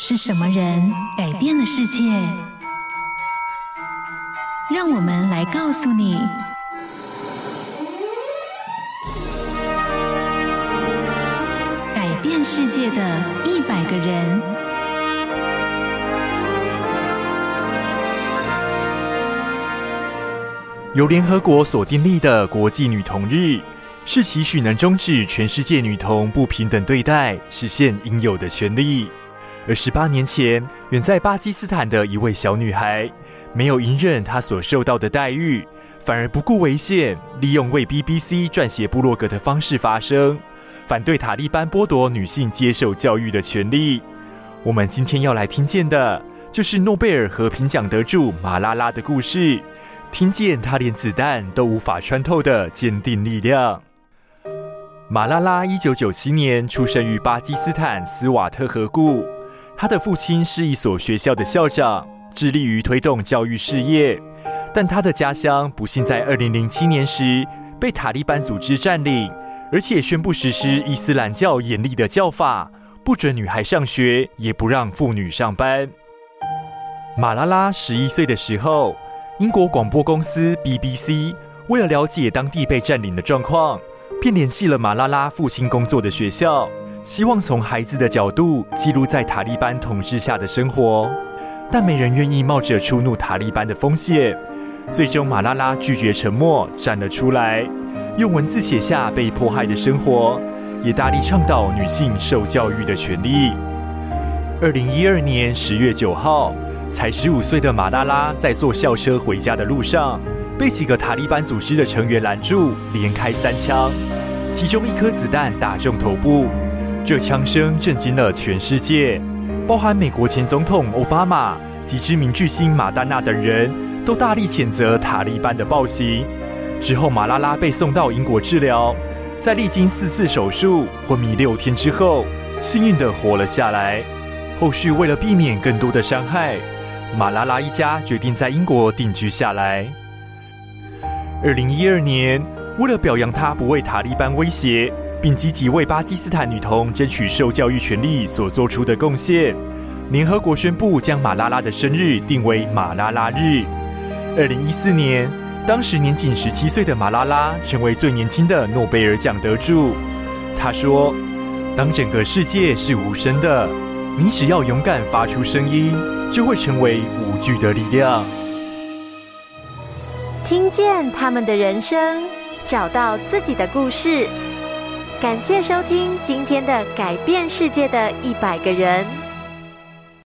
是什麼人改變了世界？讓我們來告訴你：改變世界的一百個人。由聯合國所訂立的國際女童日，是期許能終止全世界女童不平等對待，實現應有的權利。而十八年前，遠在巴基斯坦的一位小女孩，沒有隱忍她所受到的待遇，反而不顧危險，利用為 BBC 撰寫部落格的方式發聲，反對塔利班剝奪女性接受教育的權利。我們今天要來聽見的，就是諾貝爾和平獎得主馬拉拉的故事，聽見她連子彈都無法穿透的堅定力量。馬拉拉一九九七年出生於巴基斯坦斯瓦特河谷。他的父親是一所學校的校長，致力於推動教育事業。但他的家鄉不幸在二零零七年時被塔利班組織佔領，而且宣布實施伊斯蘭教嚴厲的教法，不准女孩上學，也不讓婦女上班。馬拉拉十一歲的時候，英國廣播公司 BBC 為了了解當地被佔領的狀況，便聯繫了馬拉拉父親工作的學校。希望從孩子的角度記錄在塔利班統治下的生活，但沒人願意冒着觸怒塔利班的風險。最終，馬拉拉拒絕沉默，站了出來，用文字寫下被迫害的生活，也大力倡導女性受教育的權利。二零一二年十月九號，才十五歲的馬拉拉在坐校車回家的路上，被幾個塔利班組織的成員攔住，連開三槍，其中一顆子彈打中頭部。這槍聲震驚了全世界，包含美國前總統歐巴馬及知名巨星馬丹娜等人都大力譴責塔利班的暴行。之後，馬拉拉被送到英國治療，在歷經四次手術、昏迷六天之後，幸運地活了下來。後續為了避免更多的傷害，馬拉拉一家決定在英國定居下來。二零一二年，為了表揚她不畏塔利班威脅。並積極為巴基斯坦女童爭取受教育權利所做出的貢獻，聯合國宣布將馬拉拉的生日定為馬拉拉日。二零一四年，當時年僅十七歲的馬拉拉成為最年輕的諾貝爾獎得主。她說：“當整個世界是無聲的，你只要勇敢發出聲音，就會成為無懼的力量。”聽見他們的人生，找到自己的故事。感謝收聽今天的《改變世界的一百個人》。